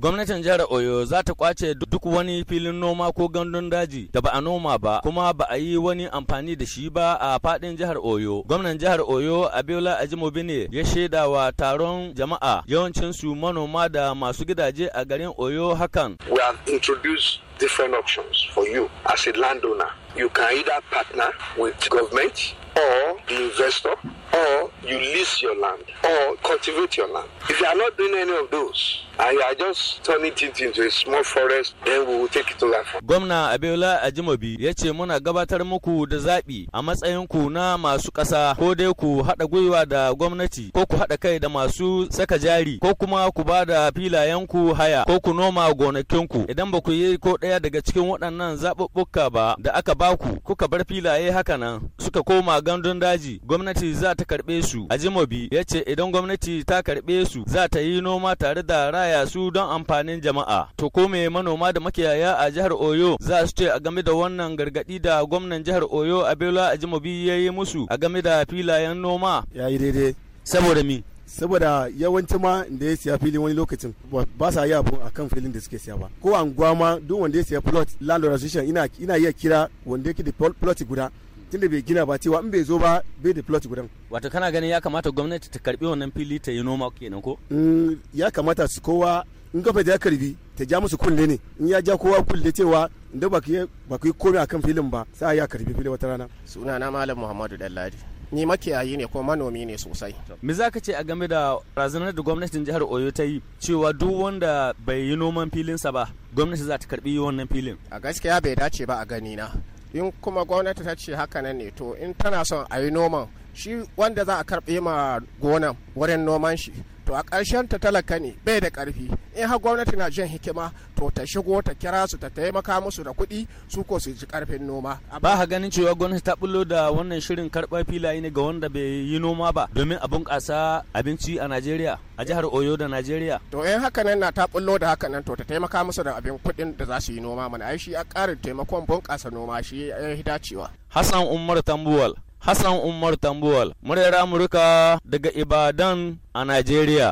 Gwamnatin jihar Oyo za ta kwace duk wani filin noma ko gandun daji da ba a noma ba kuma ba a yi wani amfani da shi ba a fadin jihar Oyo. Gwamnan jihar Oyo Abiola Ajimobi ne ya shaida wa taron jama'a yawancin su manoma da masu gidaje a garin Oyo hakan. We have introduced different options for you as a landowner. You can either partner with government or the investor lease your land or cultivate your land. If you are not doing any of those, and you are just turning it into a small forest, then we will take it to farm. Gwamna Abiola Ajimobi ya ce muna gabatar muku da zaɓi a matsayin na masu kasa. ko dai ku haɗa gwiwa da gwamnati ko ku haɗa kai da masu saka jari ko kuma ku ba da filayenku haya ko ku noma gonakinku idan ba ku yi ko ɗaya daga cikin waɗannan zaɓuɓɓuka ba da aka baku kuka bar filaye haka nan suka koma gandun daji gwamnati za ta karɓe su. Ajimobi ya ce idan gwamnati ta karɓe su za ta yi noma tare da raya su don amfanin jama'a. To ko me manoma da makiyaya a jihar Oyo za su ce a game da wannan gargaɗi da gwamnan jihar Oyo Abiola Ajimobi ya yi musu a game da filayen noma? Ya yi daidai. Saboda mi? saboda yawanci ma da ya siya filin wani lokacin ba sa yi abu kan filin da suke siya ba ko anguwa ma duk wanda ya siya plot landlord association ina iya kira wanda yake da plot guda tunda bai gina ba cewa in bai zo ba bai da plot gudan wato kana ganin ya kamata gwamnati ta karbi wannan fili ta yi noma kenan ko mm, ya kamata su kowa in gaba da ya karbi ta ja musu kulle ne in ya ja kowa kulle cewa da ba ku yi a kan filin ba sai ya karbi fili wata rana suna na malam muhammadu dalladi ni makiyayi ne kuma manomi ne sosai. Me za ka ce a game da razanar da gwamnatin jihar Oyo ta yi cewa duk wanda bai yi noman filinsa ba gwamnati za ta karbi wannan filin? A gaskiya bai dace ba a gani na. in kuma gwamnati ta ce haka nan ne to in tana son a yi noman shi wanda za a karɓe ma gonan wurin noman shi to a ƙarshen ta talaka ne bai da ƙarfi in har gwamnati na jan hikima to ta shigo ta kira su ta taimaka musu da kuɗi su ko su ji karfin noma ba ha ganin cewa gwamnati ta bullo da wannan shirin karɓar filaye ne ga wanda bai yi noma ba domin a bunƙasa abinci a Najeriya a jihar Oyo da Najeriya to in haka nan na ta bullo da haka nan to ta taimaka musu da abin kuɗin da za su yi noma mana ai shi a ƙarin taimakon bunƙasa noma shi ya dacewa Hassan Umar Tambuwal Hassan Umar Tambuwal, muryar Amurka daga Ibadan a Najeriya.